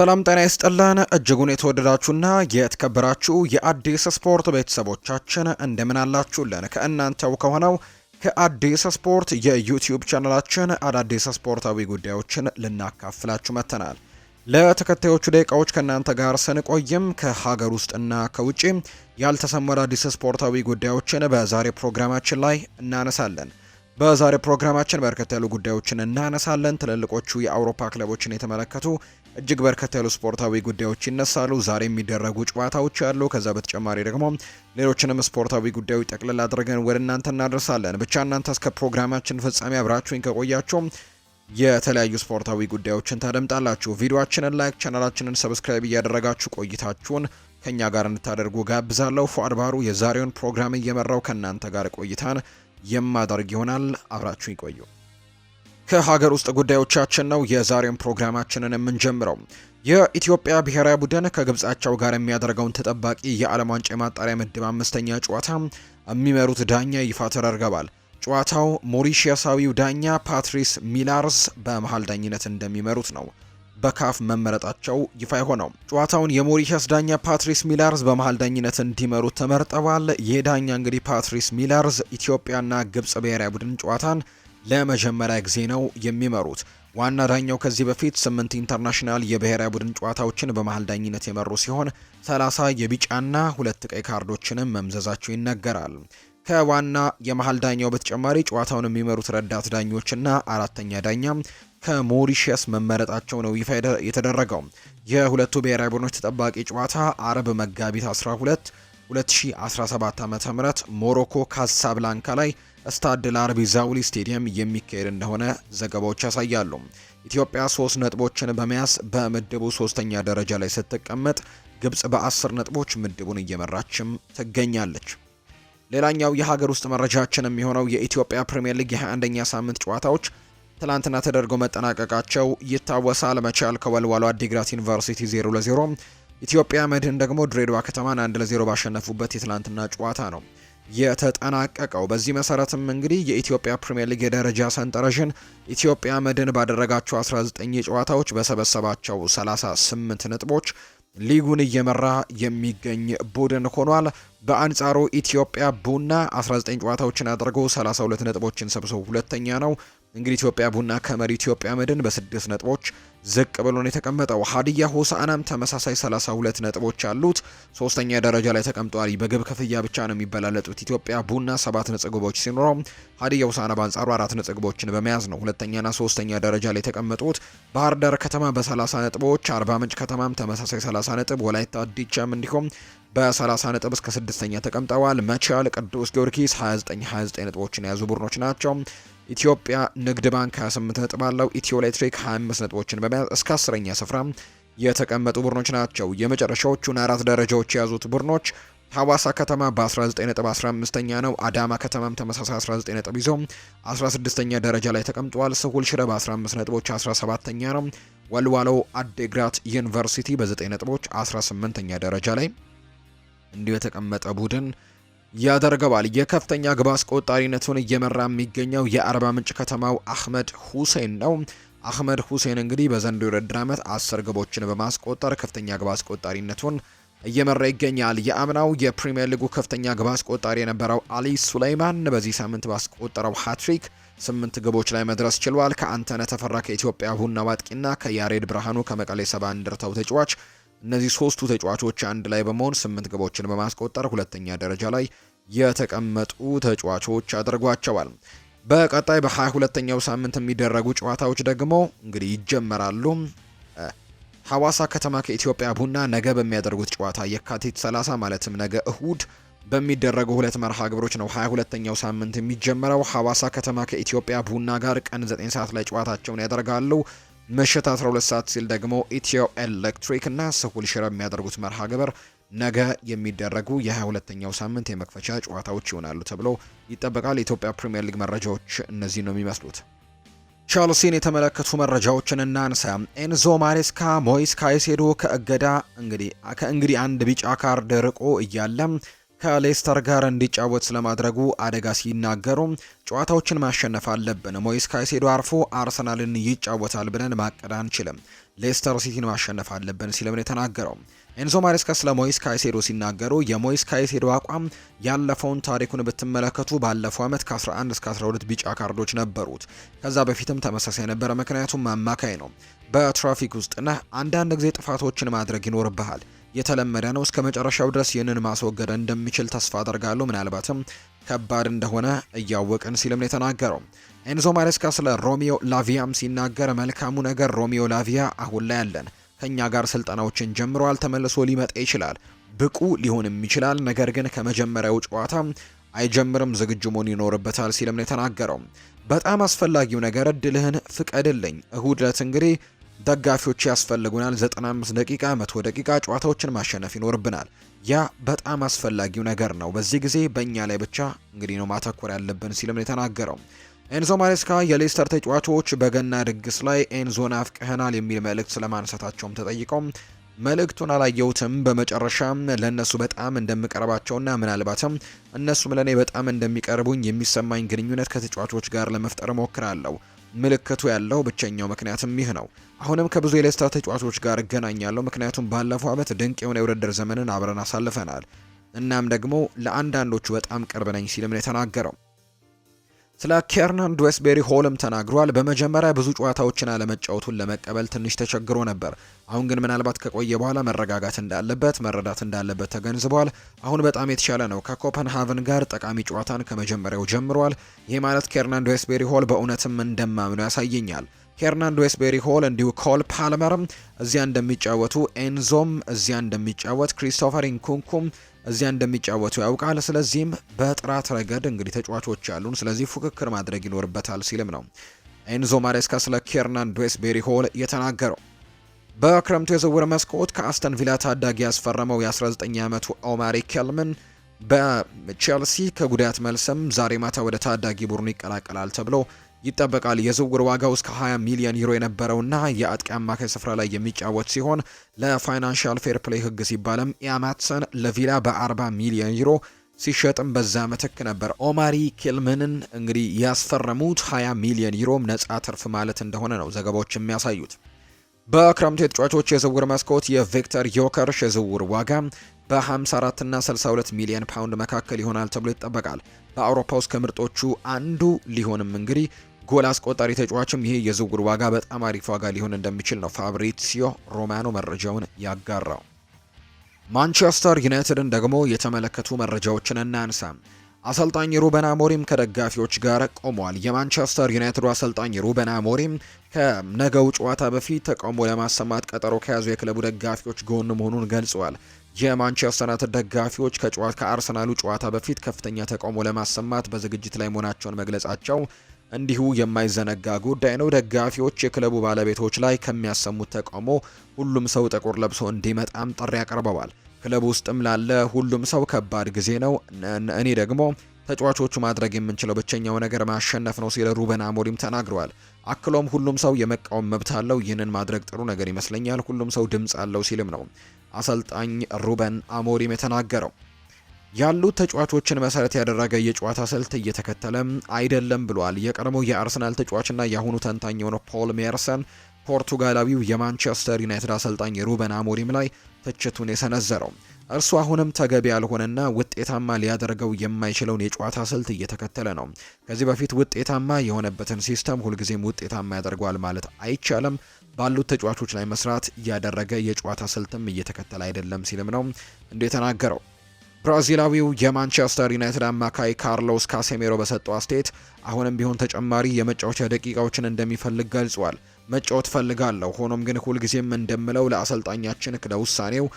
ሰላም ጤና ይስጥልን እጅጉን የተወደዳችሁና የተከበራችሁ የአዲስ ስፖርት ቤተሰቦቻችን እንደምን አላችሁልን? ከእናንተው ከሆነው ከአዲስ ስፖርት የዩቲዩብ ቻናላችን አዳዲስ ስፖርታዊ ጉዳዮችን ልናካፍላችሁ መጥተናል። ለተከታዮቹ ደቂቃዎች ከእናንተ ጋር ስንቆይም ከሀገር ውስጥና ከውጪ ያልተሰሙ አዳዲስ ስፖርታዊ ጉዳዮችን በዛሬ ፕሮግራማችን ላይ እናነሳለን። በዛሬ ፕሮግራማችን በርከት ያሉ ጉዳዮችን እናነሳለን። ትልልቆቹ የአውሮፓ ክለቦችን የተመለከቱ እጅግ በርከት ያሉ ስፖርታዊ ጉዳዮች ይነሳሉ። ዛሬ የሚደረጉ ጨዋታዎች አሉ። ከዛ በተጨማሪ ደግሞ ሌሎችንም ስፖርታዊ ጉዳዮች ጠቅልል አድርገን ወደ እናንተ እናደርሳለን። ብቻ እናንተ እስከ ፕሮግራማችን ፍጻሜ አብራችሁኝ ከቆያቸው የተለያዩ ስፖርታዊ ጉዳዮችን ታደምጣላችሁ። ቪዲዮችንን ላይክ፣ ቻናላችንን ሰብስክራይብ እያደረጋችሁ ቆይታችሁን ከእኛ ጋር እንድታደርጉ ጋብዛለሁ። ፏድ ባህሩ የዛሬውን ፕሮግራም እየመራው ከእናንተ ጋር ቆይታን የማደርግ ይሆናል። አብራችሁ ይቆዩ። ከሀገር ውስጥ ጉዳዮቻችን ነው የዛሬውን ፕሮግራማችንን የምንጀምረው። የኢትዮጵያ ብሔራዊ ቡድን ከግብጻቸው ጋር የሚያደርገውን ተጠባቂ የዓለም ዋንጫ የማጣሪያ ምድብ አምስተኛ ጨዋታ የሚመሩት ዳኛ ይፋ ተደርገዋል። ጨዋታው ሞሪሽያሳዊው ዳኛ ፓትሪስ ሚላርስ በመሀል ዳኝነት እንደሚመሩት ነው በካፍ መመረጣቸው ይፋ የሆነው። ጨዋታውን የሞሪሸስ ዳኛ ፓትሪስ ሚላርዝ በመሀል ዳኝነት እንዲመሩ ተመርጠዋል። ይህ ዳኛ እንግዲህ ፓትሪስ ሚላርዝ ኢትዮጵያና ግብጽ ብሔራዊ ቡድን ጨዋታን ለመጀመሪያ ጊዜ ነው የሚመሩት። ዋና ዳኛው ከዚህ በፊት ስምንት ኢንተርናሽናል የብሔራዊ ቡድን ጨዋታዎችን በመሀል ዳኝነት የመሩ ሲሆን ሰላሳ የቢጫና ሁለት ቀይ ካርዶችንም መምዘዛቸው ይነገራል። ከዋና የመሀል ዳኛው በተጨማሪ ጨዋታውን የሚመሩት ረዳት ዳኞችና አራተኛ ዳኛ ከሞሪሸስ መመረጣቸው ነው ይፋ የተደረገው። የሁለቱ ብሔራዊ ቡድኖች ተጠባቂ ጨዋታ አርብ መጋቢት 12 2017 ም ሞሮኮ ካሳብላንካ ላይ ስታድ ላርቢ ዛውሊ ስቴዲየም የሚካሄድ እንደሆነ ዘገባዎች ያሳያሉ። ኢትዮጵያ ሶስት ነጥቦችን በመያዝ በምድቡ ሶስተኛ ደረጃ ላይ ስትቀመጥ፣ ግብጽ በአስር ነጥቦች ምድቡን እየመራችም ትገኛለች። ሌላኛው የሀገር ውስጥ መረጃችን የሚሆነው የኢትዮጵያ ፕሪምየር ሊግ የ21ኛ ሳምንት ጨዋታዎች ትላንትና ተደርገው መጠናቀቃቸው ይታወሳል። መቻል ከወልዋሎ አዲግራት ዩኒቨርሲቲ 0 ለ0፣ ኢትዮጵያ መድህን ደግሞ ድሬዳዋ ከተማን 1 ለ0 ባሸነፉበት የትላንትና ጨዋታ ነው። የተጠናቀቀው። በዚህ መሰረትም እንግዲህ የኢትዮጵያ ፕሪምየር ሊግ የደረጃ ሰንጠረዥን ኢትዮጵያ መድን ባደረጋቸው 19 ጨዋታዎች በሰበሰባቸው 38 ነጥቦች ሊጉን እየመራ የሚገኝ ቡድን ሆኗል። በአንጻሩ ኢትዮጵያ ቡና 19 ጨዋታዎችን አድርጎ 32 ነጥቦችን ሰብስቦ ሁለተኛ ነው። እንግዲህ ኢትዮጵያ ቡና ከመሪ ኢትዮጵያ መድን በስድስት ነጥቦች ዝቅ ብሎ ነው የተቀመጠው። ሀዲያ ሆሳዕናም ተመሳሳይ 32 ነጥቦች አሉት፣ ሶስተኛ ደረጃ ላይ ተቀምጧል። በግብ ክፍያ ብቻ ነው የሚበላለጡት። ኢትዮጵያ ቡና ሰባት ነጥቦች ሲኖረው ሀዲያ ሆሳዕና በአንጻሩ አራት ነጥቦችን በመያዝ ነው ሁለተኛና ሶስተኛ ደረጃ ላይ የተቀመጡት። ባህር ዳር ከተማ በ30 ነጥቦች፣ አርባ ምንጭ ከተማም ተመሳሳይ 30 ነጥብ፣ ወላይታ ዲቻም እንዲሁም በ30 ነጥብ እስከ ስድስተኛ ተቀምጠዋል። መቻል፣ ቅዱስ ጊዮርጊስ 29 29 ነጥቦችን የያዙ ቡድኖች ናቸው። ኢትዮጵያ ንግድ ባንክ 28 ነጥብ አለው። ኢትዮ ኤሌክትሪክ 25 ነጥቦችን በመያዝ እስከ አስረኛ ስፍራ የተቀመጡ ቡድኖች ናቸው። የመጨረሻዎቹን አራት ደረጃዎች የያዙት ቡድኖች ሐዋሳ ከተማ በ19 ነጥብ 15ኛ ነው። አዳማ ከተማም ተመሳሳይ 19 ነጥብ ይዞ 16ኛ ደረጃ ላይ ተቀምጧል። ስሁል ሽረ በ15 ነጥቦች 17ኛ ነው። ወልዋሎ አዴግራት ዩኒቨርሲቲ በ9 ነጥቦች 18ኛ ደረጃ ላይ እንዲሁ የተቀመጠ ቡድን ያደርገዋል። የከፍተኛ ግብ አስቆጣሪነቱን እየመራ የሚገኘው የአርባ ምንጭ ከተማው አህመድ ሁሴን ነው። አህመድ ሁሴን እንግዲህ በዘንድሮ የውድድር ዓመት አስር ግቦችን በማስቆጠር ከፍተኛ ግብ አስቆጣሪነቱን እየመራ ይገኛል። የአምናው የፕሪምየር ሊጉ ከፍተኛ ግብ አስቆጣሪ የነበረው አሊ ሱላይማን በዚህ ሳምንት ባስቆጠረው ሃትሪክ ስምንት ግቦች ላይ መድረስ ችሏል። ከአንተነ ተፈራ ከኢትዮጵያ ቡና አጥቂና ከያሬድ ብርሃኑ ከመቀሌ ሰባ እንደርታው ተጫዋች እነዚህ ሶስቱ ተጫዋቾች አንድ ላይ በመሆን ስምንት ግቦችን በማስቆጠር ሁለተኛ ደረጃ ላይ የተቀመጡ ተጫዋቾች አድርጓቸዋል። በቀጣይ በሀያ ሁለተኛው ሳምንት የሚደረጉ ጨዋታዎች ደግሞ እንግዲህ ይጀመራሉ። ሐዋሳ ከተማ ከኢትዮጵያ ቡና ነገ በሚያደርጉት ጨዋታ የካቲት 30 ማለትም ነገ እሁድ በሚደረጉ ሁለት መርሃ ግብሮች ነው 22 ሁለተኛው ሳምንት የሚጀመረው። ሐዋሳ ከተማ ከኢትዮጵያ ቡና ጋር ቀን 9 ሰዓት ላይ ጨዋታቸውን ያደርጋሉ። ምሽት 12 ሰዓት ሲል ደግሞ ኢትዮ ኤሌክትሪክ እና ስሁል ሽረ የሚያደርጉት መርሃ ግብር ነገ የሚደረጉ የ22ኛው ሳምንት የመክፈቻ ጨዋታዎች ይሆናሉ ተብሎ ይጠበቃል። የኢትዮጵያ ፕሪምየር ሊግ መረጃዎች እነዚህ ነው የሚመስሉት። ቻልሲን የተመለከቱ መረጃዎችን እናንሳ። ኤንዞ ማሬስካ ሞይስ ካይሴዶ ከእገዳ እንግዲህ ከእንግዲህ አንድ ቢጫ ካርድ ርቆ እያለም ከሌስተር ጋር እንዲጫወት ስለማድረጉ አደጋ ሲናገሩ ጨዋታዎችን ማሸነፍ አለብን። ሞይስ ካይሴዶ አርፎ አርሰናልን ይጫወታል ብለን ማቀድ አንችልም። ሌስተር ሲቲን ማሸነፍ አለብን ሲልም ነው የተናገረው። ኤንዞ ማሬስካ ስለ ሞይስ ካይሴዶ ሲናገሩ የሞይስ ካይሴዶ አቋም ያለፈውን ታሪኩን ብትመለከቱ ባለፈው ዓመት ከ11 እስከ 12 ቢጫ ካርዶች ነበሩት። ከዛ በፊትም ተመሳሳይ ነበረ፣ ምክንያቱም አማካይ ነው። በትራፊክ ውስጥ አንዳንድ ጊዜ ጥፋቶችን ማድረግ ይኖርብሃል። የተለመደ ነው። እስከ መጨረሻው ድረስ ይህንን ማስወገድ እንደሚችል ተስፋ አደርጋለሁ። ምናልባትም ከባድ እንደሆነ እያወቅን ሲልም የተናገረው። ኤንዞ ማሬስካ ስለ ሮሚዮ ላቪያም ሲናገር መልካሙ ነገር ሮሚዮ ላቪያ አሁን ላይ አለን ከእኛ ጋር ስልጠናዎችን ጀምሯል። ተመልሶ ሊመጣ ይችላል፣ ብቁ ሊሆንም ይችላል። ነገር ግን ከመጀመሪያው ጨዋታ አይጀምርም፣ ዝግጁ መሆን ይኖርበታል ሲልም የተናገረው። በጣም አስፈላጊው ነገር እድልህን ፍቀድልኝ። እሁድ ዕለት እንግዲህ ደጋፊዎች ያስፈልጉናል። 95 ደቂቃ፣ 100 ደቂቃ ጨዋታዎችን ማሸነፍ ይኖርብናል። ያ በጣም አስፈላጊው ነገር ነው። በዚህ ጊዜ በእኛ ላይ ብቻ እንግዲህ ነው ማተኮር ያለብን ሲልም ነው የተናገረው። ኤንዞ ማሬስካ የሌስተር ተጫዋቾች በገና ድግስ ላይ ኤንዞን አፍቅህናል የሚል መልእክት ስለማንሳታቸውም ተጠይቀው መልእክቱን አላየሁትም። በመጨረሻም ለእነሱ በጣም እንደምቀርባቸውና ምናልባትም እነሱም ለእኔ በጣም እንደሚቀርቡኝ የሚሰማኝ ግንኙነት ከተጫዋቾች ጋር ለመፍጠር ሞክራለሁ። ምልክቱ ያለው ብቸኛው ምክንያትም ይህ ነው። አሁንም ከብዙ የሌስታ ተጫዋቾች ጋር እገናኛለሁ፣ ምክንያቱም ባለፈው ዓመት ድንቅ የሆነ የውድድር ዘመንን አብረን አሳልፈናል። እናም ደግሞ ለአንዳንዶቹ በጣም ቅርብ ነኝ ሲልም ነው የተናገረው። ስለ ኬርናን ድዌስቤሪ ሆልም ተናግሯል። በመጀመሪያ ብዙ ጨዋታዎችን አለመጫወቱን ለመቀበል ትንሽ ተቸግሮ ነበር። አሁን ግን ምናልባት ከቆየ በኋላ መረጋጋት እንዳለበት መረዳት እንዳለበት ተገንዝቧል። አሁን በጣም የተሻለ ነው። ከኮፐንሃቨን ጋር ጠቃሚ ጨዋታን ከመጀመሪያው ጀምሯል። ይህ ማለት ኬርናን ድዌስቤሪ ሆል በእውነትም እንደማምነው ያሳየኛል ሄርናንዶ ስቤሪ ሆል እንዲሁ ኮል ፓልመርም እዚያ እንደሚጫወቱ ኤንዞም እዚያ እንደሚጫወት ክሪስቶፈር ኢንኩንኩም እዚያ እንደሚጫወቱ ያውቃል። ስለዚህም በጥራት ረገድ እንግዲህ ተጫዋቾች ያሉን፣ ስለዚህ ፉክክር ማድረግ ይኖርበታል ሲልም ነው ኤንዞ ማሬስካ ስለ ኬርናንዶ ስቤሪ ሆል የተናገረው። በክረምቱ የዝውውር መስኮት ከአስተን ቪላ ታዳጊ ያስፈረመው የ19 ዓመቱ ኦማሪ ኬልምን በቼልሲ ከጉዳት መልስም ዛሬ ማታ ወደ ታዳጊ ቡድኑ ይቀላቀላል ተብሎ ይጠበቃል። የዝውውር ዋጋው እስከ 20 ሚሊዮን ዩሮ የነበረውና የአጥቂ አማካይ ስፍራ ላይ የሚጫወት ሲሆን ለፋይናንሻል ፌር ፕሌይ ሕግ ሲባልም ኢያማትሰን ለቪላ በ40 ሚሊዮን ዩሮ ሲሸጥም በዛ ምትክ ነበር ኦማሪ ኬልምንን እንግዲህ ያስፈረሙት 20 ሚሊዮን ዩሮም ነጻ ትርፍ ማለት እንደሆነ ነው ዘገባዎች የሚያሳዩት። በክረምቱ የተጫዋቾች የዝውውር መስኮት የቪክተር ዮከርሽ የዝውውር ዋጋ በ54 እና 62 ሚሊዮን ፓውንድ መካከል ይሆናል ተብሎ ይጠበቃል። በአውሮፓ ውስጥ ከምርጦቹ አንዱ ሊሆንም እንግዲህ ጎል አስቆጣሪ ተጫዋችም ይሄ የዝውውር ዋጋ በጣም አሪፍ ዋጋ ሊሆን እንደሚችል ነው ፋብሪሲዮ ሮማኖ መረጃውን ያጋራው። ማንቸስተር ዩናይትድን ደግሞ የተመለከቱ መረጃዎችን እናንሳ። አሰልጣኝ ሩበን አሞሪም ከደጋፊዎች ጋር ቆሟል። የማንቸስተር ዩናይትዱ አሰልጣኝ ሩበን አሞሪም ከነገው ጨዋታ በፊት ተቃውሞ ለማሰማት ቀጠሮ ከያዙ የክለቡ ደጋፊዎች ጎን መሆኑን ገልጿል። የማንቸስተር ዩናይትድ ደጋፊዎች ከአርሰናሉ ጨዋታ በፊት ከፍተኛ ተቃውሞ ለማሰማት በዝግጅት ላይ መሆናቸውን መግለጻቸው እንዲሁ የማይዘነጋ ጉዳይ ነው። ደጋፊዎች የክለቡ ባለቤቶች ላይ ከሚያሰሙት ተቃውሞ ሁሉም ሰው ጥቁር ለብሶ እንዲመጣም ጥሪ አቅርበዋል። ክለቡ ውስጥም ላለ ሁሉም ሰው ከባድ ጊዜ ነው። እኔ ደግሞ ተጫዋቾቹ ማድረግ የምንችለው ብቸኛው ነገር ማሸነፍ ነው ሲል ሩበን አሞሪም ተናግረዋል። አክሎም ሁሉም ሰው የመቃወም መብት አለው፣ ይህንን ማድረግ ጥሩ ነገር ይመስለኛል፣ ሁሉም ሰው ድምፅ አለው ሲልም ነው አሰልጣኝ ሩበን አሞሪም የተናገረው። ያሉ ተጫዋቾችን መሰረት ያደረገ የጨዋታ ስልት እየተከተለ አይደለም ብሏል። የቀድሞ የአርሰናል ተጫዋችና የአሁኑ ተንታኝ የሆነው ፖል ሜርሰን ፖርቱጋላዊው የማንቸስተር ዩናይትድ አሰልጣኝ ሩበን አሞሪም ላይ ትችቱን የሰነዘረው እርሱ አሁንም ተገቢ ያልሆነና ውጤታማ ሊያደርገው የማይችለውን የጨዋታ ስልት እየተከተለ ነው። ከዚህ በፊት ውጤታማ የሆነበትን ሲስተም ሁልጊዜም ውጤታማ ያደርገዋል ማለት አይቻልም። ባሉት ተጫዋቾች ላይ መስራት ያደረገ የጨዋታ ስልትም እየተከተለ አይደለም ሲልም ነው እንደተናገረው። ብራዚላዊው የማንቸስተር ዩናይትድ አማካይ ካርሎስ ካሴሜሮ በሰጠው አስተያየት አሁንም ቢሆን ተጨማሪ የመጫወቻ ደቂቃዎችን እንደሚፈልግ ገልጿል። መጫወት ፈልጋለሁ፣ ሆኖም ግን ሁልጊዜም እንደምለው ለአሰልጣኛችን ለውሳኔው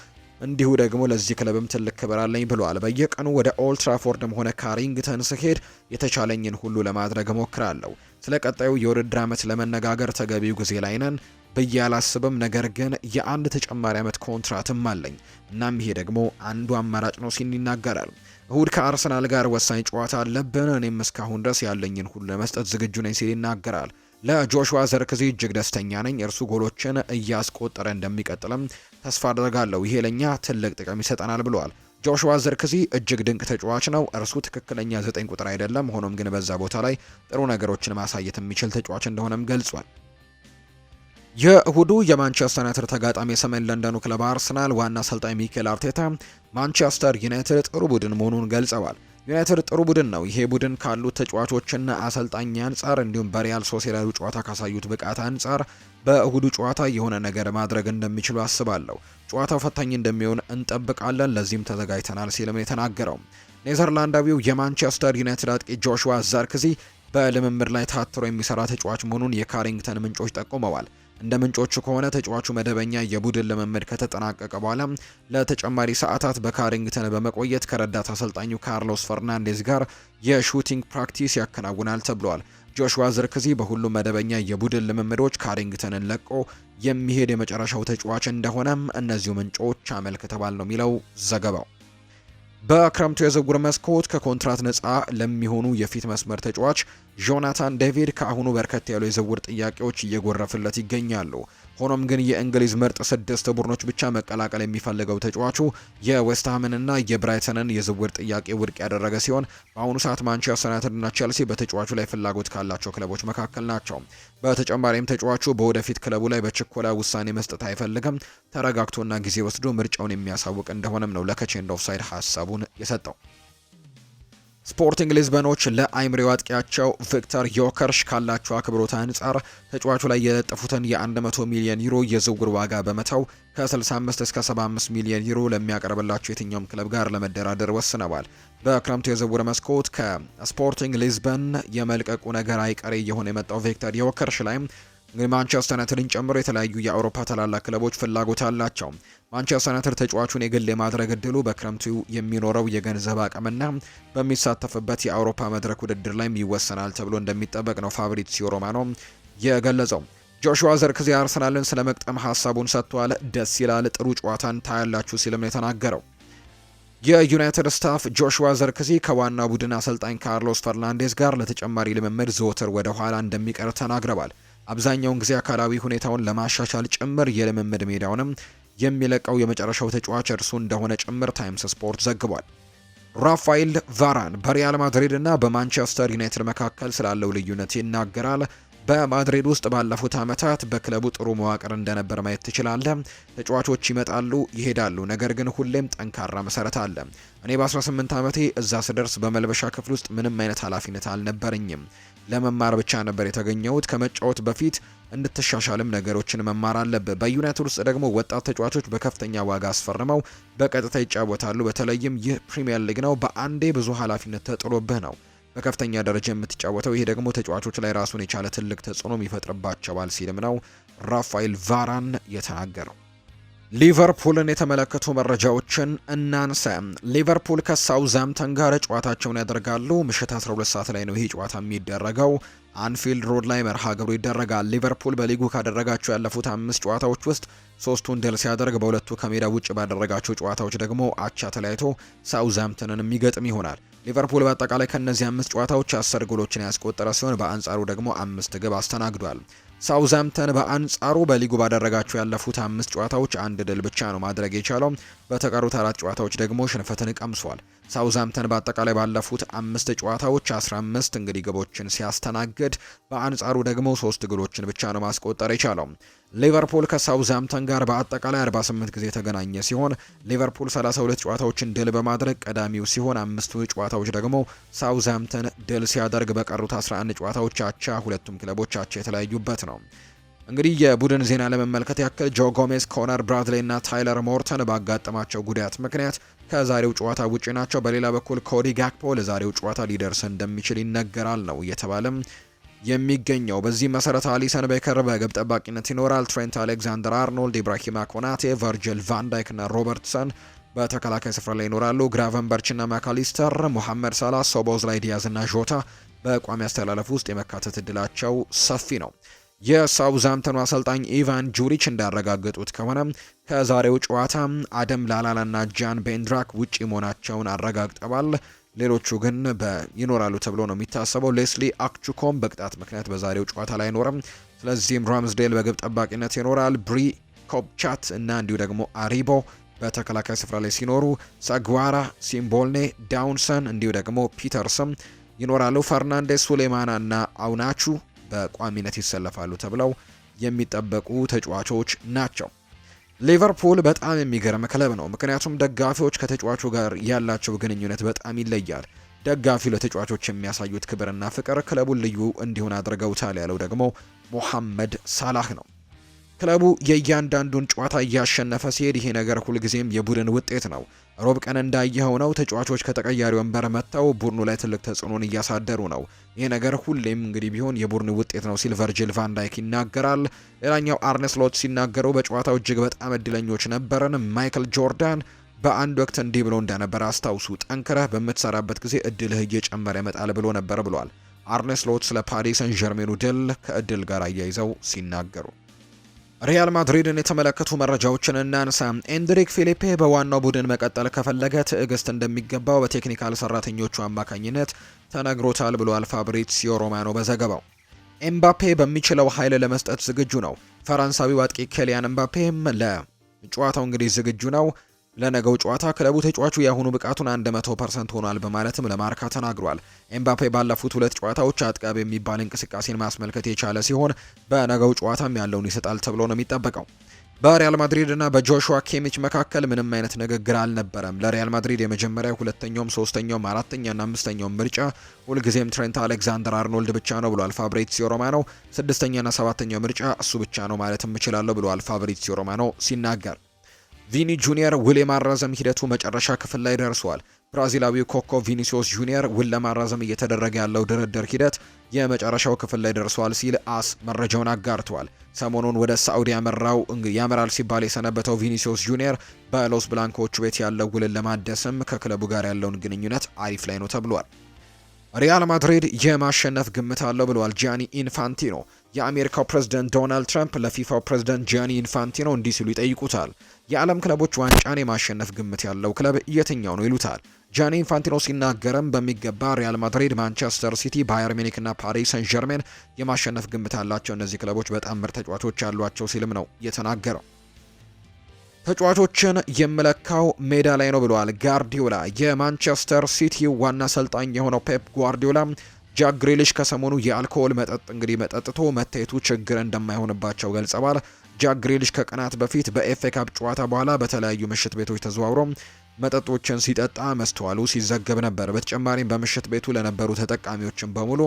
እንዲሁ ደግሞ ለዚህ ክለብም ትልቅ ክብር አለኝ ብለዋል። በየቀኑ ወደ ኦልትራፎርድም ሆነ ካሪንግተን ስሄድ የተቻለኝን ሁሉ ለማድረግ እሞክራለሁ። ስለ ቀጣዩ የውድድር ዓመት ለመነጋገር ተገቢው ጊዜ ላይ ነን ብዬ አላስብም። ነገር ግን የአንድ ተጨማሪ ዓመት ኮንትራትም አለኝ። እናም ይሄ ደግሞ አንዱ አማራጭ ነው ሲል ይናገራል። እሁድ ከአርሰናል ጋር ወሳኝ ጨዋታ አለብን። እኔም እስካሁን ድረስ ያለኝን ሁሉ ለመስጠት ዝግጁ ነኝ ሲል ይናገራል። ለጆሹዋ ዘርክዚ እጅግ ደስተኛ ነኝ። እርሱ ጎሎችን እያስቆጠረ እንደሚቀጥልም ተስፋ አደርጋለሁ ይሄ ለእኛ ትልቅ ጥቅም ይሰጠናል ብለዋል። ጆሹዋ ዘርክዚ እጅግ ድንቅ ተጫዋች ነው። እርሱ ትክክለኛ ዘጠኝ ቁጥር አይደለም። ሆኖም ግን በዛ ቦታ ላይ ጥሩ ነገሮችን ማሳየት የሚችል ተጫዋች እንደሆነም ገልጿል። የእሁዱ የማንቸስተር ዩናይትድ ተጋጣሚ የሰሜን ለንደኑ ክለብ አርሰናል ዋና አሰልጣኝ ሚኬል አርቴታ ማንቸስተር ዩናይትድ ጥሩ ቡድን መሆኑን ገልጸዋል። ዩናይትድ ጥሩ ቡድን ነው። ይሄ ቡድን ካሉት ተጫዋቾችና አሰልጣኝ አንጻር እንዲሁም በሪያል ሶሴዳዱ ጨዋታ ካሳዩት ብቃት አንጻር በእሁዱ ጨዋታ የሆነ ነገር ማድረግ እንደሚችሉ አስባለሁ። ጨዋታው ፈታኝ እንደሚሆን እንጠብቃለን፣ ለዚህም ተዘጋጅተናል ሲልም የተናገረው ኔዘርላንዳዊው የማንቸስተር ዩናይትድ አጥቂ ጆሹዋ ዛርክዚ በልምምድ ላይ ታትሮ የሚሰራ ተጫዋች መሆኑን የካሪንግተን ምንጮች ጠቁመዋል። እንደ ምንጮቹ ከሆነ ተጫዋቹ መደበኛ የቡድን ልምምድ ከተጠናቀቀ በኋላ ለተጨማሪ ሰዓታት በካሪንግተን በመቆየት ከረዳት አሰልጣኙ ካርሎስ ፈርናንዴዝ ጋር የሹቲንግ ፕራክቲስ ያከናውናል ተብሏል። ጆሹዋ ዝርክዚ በሁሉም መደበኛ የቡድን ልምምዶች ካሪንግተንን ለቆ የሚሄድ የመጨረሻው ተጫዋች እንደሆነም እነዚሁ ምንጮች አመልክተዋል ነው የሚለው ዘገባው። በክረምቱ የዝውውር መስኮት ከኮንትራት ነፃ ለሚሆኑ የፊት መስመር ተጫዋች ጆናታን ዴቪድ ከአሁኑ በርከት ያሉ የዝውውር ጥያቄዎች እየጎረፍለት ይገኛሉ። ሆኖም ግን የእንግሊዝ ምርጥ ስድስት ቡድኖች ብቻ መቀላቀል የሚፈልገው ተጫዋቹ የዌስትሃምንና የብራይተንን የዝውውር ጥያቄ ውድቅ ያደረገ ሲሆን በአሁኑ ሰዓት ማንቸስተር ዩናይትድና ቸልሲ በተጫዋቹ ላይ ፍላጎት ካላቸው ክለቦች መካከል ናቸው። በተጨማሪም ተጫዋቹ በወደፊት ክለቡ ላይ በችኮላ ውሳኔ መስጠት አይፈልግም። ተረጋግቶና ጊዜ ወስዶ ምርጫውን የሚያሳውቅ እንደሆነም ነው ለከቼንድ ኦፍሳይድ ሀሳቡን የሰጠው። ስፖርቲንግ ሊዝበኖች ለአይምሪው አጥቂያቸው ቪክተር ዮከርሽ ካላቸው አክብሮት አንጻር ተጫዋቹ ላይ የለጠፉትን የ100 ሚሊዮን ዩሮ የዝውውር ዋጋ በመተው ከ65 እስከ 75 ሚሊዮን ዩሮ ለሚያቀርብላቸው የትኛውም ክለብ ጋር ለመደራደር ወስነዋል። በክረምቱ የዝውውር መስኮት ከስፖርቲንግ ሊዝበን የመልቀቁ ነገር አይቀሬ እየሆነ የመጣው ቪክተር ዮከርሽ ላይም እንግዲህ ማንቸስተር ዩናይትድን ጨምሮ የተለያዩ የአውሮፓ ታላላቅ ክለቦች ፍላጎት አላቸው። ማንቸስተር ዩናይትድ ተጫዋቹን የግል የማድረግ እድሉ በክረምቱ የሚኖረው የገንዘብ አቅምና በሚሳተፍበት የአውሮፓ መድረክ ውድድር ላይም ይወሰናል ተብሎ እንደሚጠበቅ ነው ፋብሪዚዮ ሮማኖ የገለጸው። ጆሹዋ ዘርክዚ አርሰናልን ስለ መቅጠም ሀሳቡን ሰጥቷል። ደስ ይላል፣ ጥሩ ጨዋታን ታያላችሁ ሲልም ነው የተናገረው። የዩናይትድ ስታፍ ጆሹዋ ዘርክዚ ከዋና ቡድን አሰልጣኝ ካርሎስ ፈርናንዴዝ ጋር ለተጨማሪ ልምምድ ዘወትር ወደ ኋላ እንደሚቀር ተናግረዋል። አብዛኛውን ጊዜ አካላዊ ሁኔታውን ለማሻሻል ጭምር የልምምድ ሜዳውንም የሚለቀው የመጨረሻው ተጫዋች እርሱ እንደሆነ ጭምር ታይምስ ስፖርት ዘግቧል። ራፋኤል ቫራን በሪያል ማድሪድ እና በማንቸስተር ዩናይትድ መካከል ስላለው ልዩነት ይናገራል። በማድሪድ ውስጥ ባለፉት ዓመታት በክለቡ ጥሩ መዋቅር እንደነበር ማየት ትችላለህ። ተጫዋቾች ይመጣሉ፣ ይሄዳሉ፣ ነገር ግን ሁሌም ጠንካራ መሰረት አለ። እኔ በ18 ዓመቴ እዛ ስደርስ በመልበሻ ክፍል ውስጥ ምንም አይነት ኃላፊነት አልነበረኝም። ለመማር ብቻ ነበር የተገኘሁት። ከመጫወት በፊት እንድትሻሻልም ነገሮችን መማር አለብህ። በዩናይትድ ውስጥ ደግሞ ወጣት ተጫዋቾች በከፍተኛ ዋጋ አስፈርመው በቀጥታ ይጫወታሉ። በተለይም ይህ ፕሪሚየር ሊግ ነው። በአንዴ ብዙ ኃላፊነት ተጥሎብህ ነው በከፍተኛ ደረጃ የምትጫወተው። ይሄ ደግሞ ተጫዋቾች ላይ ራሱን የቻለ ትልቅ ተጽዕኖም ይፈጥርባቸዋል ሲልም ነው ራፋኤል ቫራን የተናገረው። ሊቨርፑልን የተመለከቱ መረጃዎችን እናንሰ። ሊቨርፑል ከሳውዛምተን ጋር ጨዋታቸውን ያደርጋሉ። ምሽት 12 ሰዓት ላይ ነው ይህ ጨዋታ የሚደረገው። አንፊልድ ሮድ ላይ መርሃ ግብሩ ይደረጋል። ሊቨርፑል በሊጉ ካደረጋቸው ያለፉት አምስት ጨዋታዎች ውስጥ ሶስቱን ድል ሲያደርግ፣ በሁለቱ ከሜዳ ውጭ ባደረጋቸው ጨዋታዎች ደግሞ አቻ ተለያይቶ ሳውዛምተንን የሚገጥም ይሆናል። ሊቨርፑል በአጠቃላይ ከእነዚህ አምስት ጨዋታዎች አስር ጎሎችን ያስቆጠረ ሲሆን በአንጻሩ ደግሞ አምስት ግብ አስተናግዷል። ሳውዛምተን በአንጻሩ በሊጉ ባደረጋቸው ያለፉት አምስት ጨዋታዎች አንድ ድል ብቻ ነው ማድረግ የቻለው። በተቀሩት አራት ጨዋታዎች ደግሞ ሽንፈትን ቀምሷል። ሳውዛምተን በአጠቃላይ ባለፉት አምስት ጨዋታዎች 15 እንግዲህ ግቦችን ሲያስተናግድ በአንጻሩ ደግሞ ሶስት ግሎችን ብቻ ነው ማስቆጠር የቻለው። ሊቨርፑል ከሳውዛምተን ጋር በአጠቃላይ 48 ጊዜ የተገናኘ ሲሆን ሊቨርፑል 32 ጨዋታዎችን ድል በማድረግ ቀዳሚው ሲሆን አምስቱ ጨዋታዎች ደግሞ ሳውዛምተን ድል ሲያደርግ በቀሩት 11 ጨዋታዎች አቻ ሁለቱም ክለቦች አቻ የተለያዩበት ነው። እንግዲህ የቡድን ዜና ለመመልከት ያክል ጆ ጎሜዝ፣ ኮነር ብራድሌ እና ታይለር ሞርተን ባጋጠማቸው ጉዳት ምክንያት ከዛሬው ጨዋታ ውጪ ናቸው። በሌላ በኩል ኮዲ ጋክፖ ለዛሬው ጨዋታ ሊደርስ እንደሚችል ይነገራል ነው እየተባለም የሚገኘው። በዚህ መሰረት አሊሰን ቤከር በግብ ጠባቂነት ይኖራል። ትሬንት አሌክዛንደር አርኖልድ፣ ኢብራሂማ ኮናቴ፣ ቨርጅል ቫንዳይክ ና ሮበርትሰን በተከላካይ ስፍራ ላይ ይኖራሉ። ግራቨንበርች ና ማካሊስተር፣ ሙሐመድ ሳላ፣ ሶቦዝ ላይ ዲያዝ ና ዦታ በቋሚ አስተላለፍ ውስጥ የመካተት እድላቸው ሰፊ ነው። የሳውዛምተኑ አሰልጣኝ ኢቫን ጁሪች እንዳረጋገጡት ከሆነ ከዛሬው ጨዋታ አደም ላላላና ጃን ቤንድራክ ውጪ መሆናቸውን አረጋግጠዋል። ሌሎቹ ግን ይኖራሉ ተብሎ ነው የሚታሰበው። ሌስሊ አክቹኮም በቅጣት ምክንያት በዛሬው ጨዋታ ላይ አይኖርም። ስለዚህም ራምስዴል በግብ ጠባቂነት ይኖራል። ብሪ ኮብቻት እና እንዲሁ ደግሞ አሪቦ በተከላካይ ስፍራ ላይ ሲኖሩ፣ ሳግዋራ፣ ሲምቦልኔ፣ ዳውንሰን እንዲሁ ደግሞ ፒተርስም ይኖራሉ። ፈርናንዴስ፣ ሱሌማና እና አውናቹ በቋሚነት ይሰለፋሉ ተብለው የሚጠበቁ ተጫዋቾች ናቸው። ሊቨርፑል በጣም የሚገርም ክለብ ነው፣ ምክንያቱም ደጋፊዎች ከተጫዋቹ ጋር ያላቸው ግንኙነት በጣም ይለያል። ደጋፊው ለተጫዋቾች የሚያሳዩት ክብርና ፍቅር ክለቡን ልዩ እንዲሆን አድርገውታል ያለው ደግሞ ሞሐመድ ሳላህ ነው። ክለቡ የእያንዳንዱን ጨዋታ እያሸነፈ ሲሄድ ይሄ ነገር ሁልጊዜም የቡድን ውጤት ነው። ሮብ ቀን እንዳየኸው ነው። ተጫዋቾች ከተቀያሪ ወንበር መጥተው ቡድኑ ላይ ትልቅ ተጽዕኖን እያሳደሩ ነው። ይሄ ነገር ሁሌም እንግዲህ ቢሆን የቡድን ውጤት ነው ሲል ቨርጅል ቫንዳይክ ይናገራል። ሌላኛው አርነ ስሎት ሲናገሩ በጨዋታው እጅግ በጣም እድለኞች ነበርን። ማይክል ጆርዳን በአንድ ወቅት እንዲህ ብሎ እንደነበር አስታውሱ፣ ጠንክረህ በምትሰራበት ጊዜ እድልህ እየጨመረ ይመጣል ብሎ ነበር ብሏል አርነ ስሎት ስለ ፓሪስ ሰን ድል ከእድል ጋር አያይዘው ሲናገሩ ሪያል ማድሪድን የተመለከቱ መረጃዎችን እናንሳ። ኤንድሪክ ፊሊፔ በዋናው ቡድን መቀጠል ከፈለገ ትዕግስት እንደሚገባው በቴክኒካል ሰራተኞቹ አማካኝነት ተነግሮታል ብሏል ፋብሪሲዮ ሮማኖ በዘገባው። ኤምባፔ በሚችለው ኃይል ለመስጠት ዝግጁ ነው። ፈረንሳዊው አጥቂ ኬሊያን ኤምባፔም ለጨዋታው እንግዲህ ዝግጁ ነው። ለነገው ጨዋታ ክለቡ ተጫዋቹ የአሁኑ ብቃቱን 100 ፐርሰንት ሆኗል በማለትም ለማርካ ተናግሯል። ኤምባፔ ባለፉት ሁለት ጨዋታዎች አጥቃቢ የሚባል እንቅስቃሴን ማስመልከት የቻለ ሲሆን በነገው ጨዋታም ያለውን ይሰጣል ተብሎ ነው የሚጠበቀው። በሪያል ማድሪድ እና በጆሹዋ ኬሚች መካከል ምንም አይነት ንግግር አልነበረም። ለሪያል ማድሪድ የመጀመሪያው፣ ሁለተኛውም፣ ሶስተኛውም፣ አራተኛና አምስተኛውም ምርጫ ሁልጊዜም ትሬንት አሌክዛንደር አርኖልድ ብቻ ነው ብሏል ፋብሪዚዮ ሮማኖ። ስድስተኛና ሰባተኛው ምርጫ እሱ ብቻ ነው ማለትም እችላለሁ ብሏል ፋብሪዚዮ ሮማኖ ሲናገር ቪኒ ጁኒየር ውል የማራዘም ሂደቱ መጨረሻ ክፍል ላይ ደርሷል። ብራዚላዊው ኮኮ ቪኒሲዮስ ጁኒየር ውል ለማራዘም እየተደረገ ያለው ድርድር ሂደት የመጨረሻው ክፍል ላይ ደርሷል ሲል አስ መረጃውን አጋርቷል። ሰሞኑን ወደ ሳዑዲ ያመራው ያመራል ሲባል የሰነበተው ቪኒሲዮስ ጁኒየር በሎስ ብላንኮቹ ቤት ያለው ውልን ለማደስም ከክለቡ ጋር ያለውን ግንኙነት አሪፍ ላይ ነው ተብሏል። ሪያል ማድሪድ የማሸነፍ ግምት አለው ብለዋል ጃኒ ኢንፋንቲኖ። የአሜሪካው ፕሬዝደንት ዶናልድ ትራምፕ ለፊፋው ፕሬዝደንት ጃኒ ኢንፋንቲኖ እንዲህ ሲሉ ይጠይቁታል። የዓለም ክለቦች ዋንጫን የማሸነፍ ግምት ያለው ክለብ የትኛው ነው ይሉታል። ጃኒ ኢንፋንቲኖ ሲናገርም በሚገባ ሪያል ማድሪድ፣ ማንቸስተር ሲቲ፣ ባየር ሚኒክ እና ፓሪስ ሰን ጀርሜን የማሸነፍ ግምት አላቸው። እነዚህ ክለቦች በጣም ምርጥ ተጫዋቾች ያሏቸው ሲልም ነው የተናገረው። ተጫዋቾችን የምለካው ሜዳ ላይ ነው ብለዋል ጋርዲዮላ። የማንቸስተር ሲቲ ዋና አሰልጣኝ የሆነው ፔፕ ጓርዲዮላ ጃክ ግሪሊሽ ከሰሞኑ የአልኮል መጠጥ እንግዲህ መጠጥቶ መታየቱ ችግር እንደማይሆንባቸው ገልጸዋል። ጃክ ግሪሊሽ ከቀናት በፊት በኤፍኤ ካፕ ጨዋታ በኋላ በተለያዩ ምሽት ቤቶች ተዘዋውሮ መጠጦችን ሲጠጣ መስተዋሉ ሲዘገብ ነበር። በተጨማሪም በምሽት ቤቱ ለነበሩ ተጠቃሚዎችን በሙሉ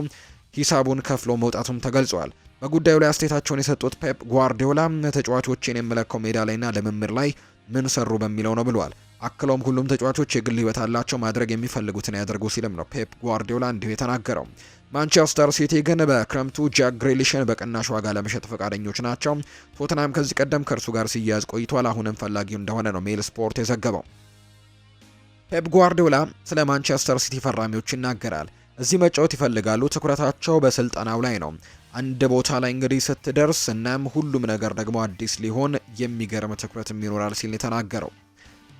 ሂሳቡን ከፍሎ መውጣቱም ተገልጿል። በጉዳዩ ላይ አስተያየታቸውን የሰጡት ፔፕ ጓርዲዮላ ተጫዋቾችን የምለካው ሜዳ ላይና ልምምድ ላይ ምን ሰሩ በሚለው ነው ብለዋል። አክለውም ሁሉም ተጫዋቾች የግል ሕይወት አላቸው፣ ማድረግ የሚፈልጉትን ያደርጉ ሲልም ነው ፔፕ ጓርዲዮላ እንዲሁ የተናገረው። ማንቸስተር ሲቲ ግን በክረምቱ ጃክ ግሬሊሽን በቅናሽ ዋጋ ለመሸጥ ፈቃደኞች ናቸው። ቶትናም ከዚህ ቀደም ከእርሱ ጋር ሲያያዝ ቆይቷል፣ አሁንም ፈላጊው እንደሆነ ነው ሜል ስፖርት የዘገበው። ፔፕ ጓርዲዮላ ስለ ማንቸስተር ሲቲ ፈራሚዎች ይናገራል። እዚህ መጫወት ይፈልጋሉ። ትኩረታቸው በስልጠናው ላይ ነው። አንድ ቦታ ላይ እንግዲህ ስትደርስ እናም ሁሉም ነገር ደግሞ አዲስ ሊሆን የሚገርም ትኩረትም ይኖራል ሲል የተናገረው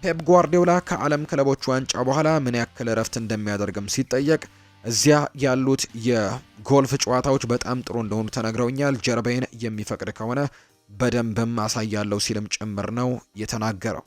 ፔፕ ጓርዲዮላ ከዓለም ክለቦች ዋንጫ በኋላ ምን ያክል እረፍት እንደሚያደርግም ሲጠየቅ እዚያ ያሉት የጎልፍ ጨዋታዎች በጣም ጥሩ እንደሆኑ ተነግረውኛል። ጀርባዬን የሚፈቅድ ከሆነ በደንብም አሳያለው ሲልም ጭምር ነው የተናገረው።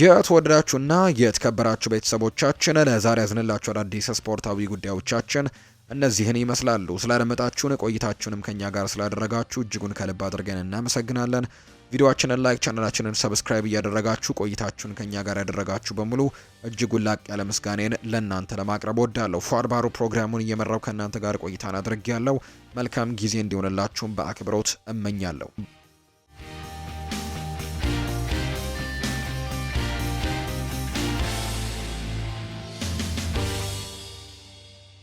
የተወደዳችሁና የተከበራችሁ ቤተሰቦቻችን ለዛሬ ያዝንላችሁ አዳዲስ ስፖርታዊ ጉዳዮቻችን እነዚህን ይመስላሉ። ስላደመጣችሁን ቆይታችሁንም ከኛ ጋር ስላደረጋችሁ እጅጉን ከልብ አድርገን እናመሰግናለን። ቪዲዮአችንን ላይክ፣ ቻናላችንን ሰብስክራይብ እያደረጋችሁ ቆይታችሁን ከኛ ጋር ያደረጋችሁ በሙሉ እጅጉን ላቅ ያለ ምስጋኔን ለእናንተ ለማቅረብ ወዳለሁ። ፏርባሩ ፕሮግራሙን እየመራው ከእናንተ ጋር ቆይታን አድርጌ ያለው መልካም ጊዜ እንዲሆንላችሁም በአክብሮት እመኛለሁ።